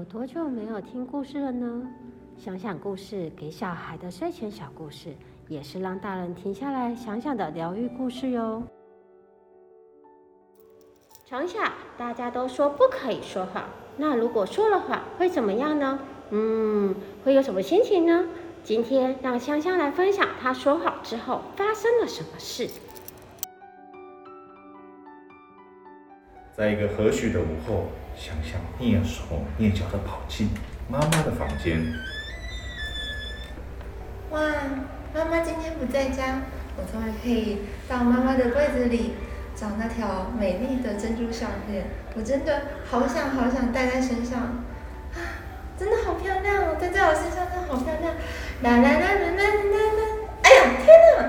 有多久沒有聽故事了呢？想想故事，給小孩的睡前小故事，也是讓大人停下來想想的療癒故事喲。從小大家都說不可以說謊，那如果說了謊會怎麼樣呢？嗯，會有什麼心情呢？今天讓湘湘來分享，她說謊之後發生了什麼事。在一個和煦的午後，湘湘躡手躡腳地跑進媽媽的房間。哇，媽媽今天不在家，我終於可以到媽媽的櫃子裡找那條美麗的珍珠項鏈。我真的好想好想戴在身上，啊，真的好漂亮哦，戴在我身上真的好漂亮。啦啦啦啦啦啦啦！哎呀，天哪，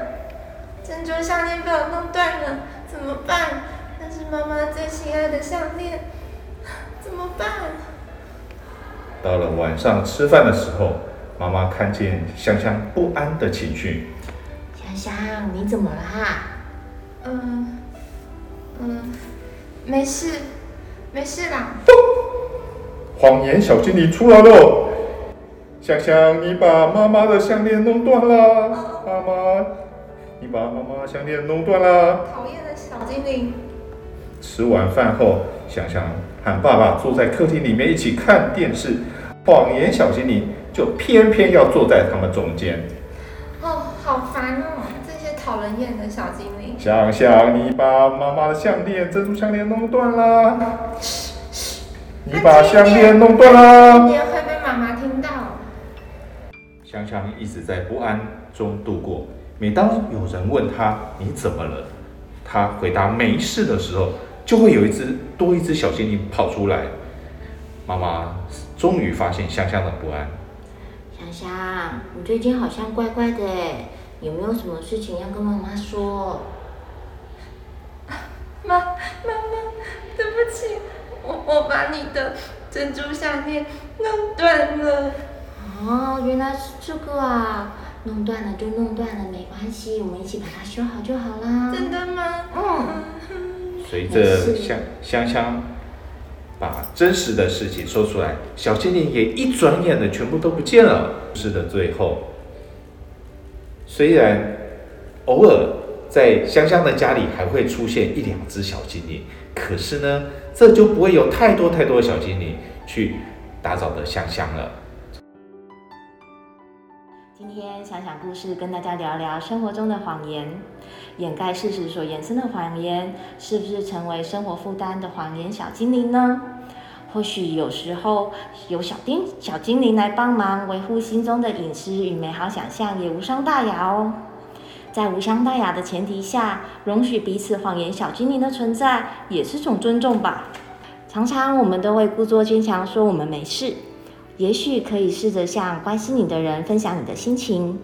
珍珠項鏈被我弄斷了，怎麼辦？那是媽媽最心愛的項鏈，怎麼辦？到了晚上吃飯的時候，媽媽看見香香不安的情緒。香香，你怎麼啦？嗯嗯，沒事，沒事啦。哦、謊言小精靈出來了，香香，你把媽媽的項鏈弄斷了。媽媽，你把媽媽的項鏈弄斷了。討厭的小精靈。吃完飯後，湘湘和爸爸坐在客廳裡面一起看電視，謊言小精靈就偏偏要坐在他們中間。哦，好煩哦，這些討人厭的小精靈。湘湘，你把媽媽的項鏈、珍珠項鏈弄斷了，你把項鏈弄斷了，今天會被媽媽聽到。湘湘一直在不安中度過。每當有人問他，你怎麼了，他回答沒事的時候，就會有一隻多一隻小精靈跑出來，媽媽終於發現香香的不安。香香，你最近好像怪怪的耶，有沒有什麼事情要跟媽媽說？媽，媽媽，對不起，我我把你的珍珠項鏈弄斷了。哦，原來是這個啊，弄斷了就弄斷了，沒關係，我們一起把它修好就好了。真的嗎？隨着湘湘湘把真實的事情說出來，小精靈也一轉眼的全部都不見了。故事的最後雖然偶爾在湘湘的家裡還會出現一兩隻小精靈，可是呢，這就不會有太多太多的小精靈去打擾到湘湘了。今天想講故事，跟大家聊聊生活中的謊言，掩蓋事實所衍生的謊言，是不是成為生活負擔的謊言小精靈呢？或許有時候有小丁小精靈來幫忙維護心中的隱私與美好想象，也無傷大雅哦。在無傷大雅的前提下，容許彼此謊言小精靈的存在，也是種尊重吧。常常我們都會故作堅強，說我們沒事。也許可以試着向關心你的人分享你的心情，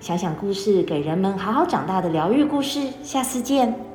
想想故事給人們好好長大的療癒故事。下次見。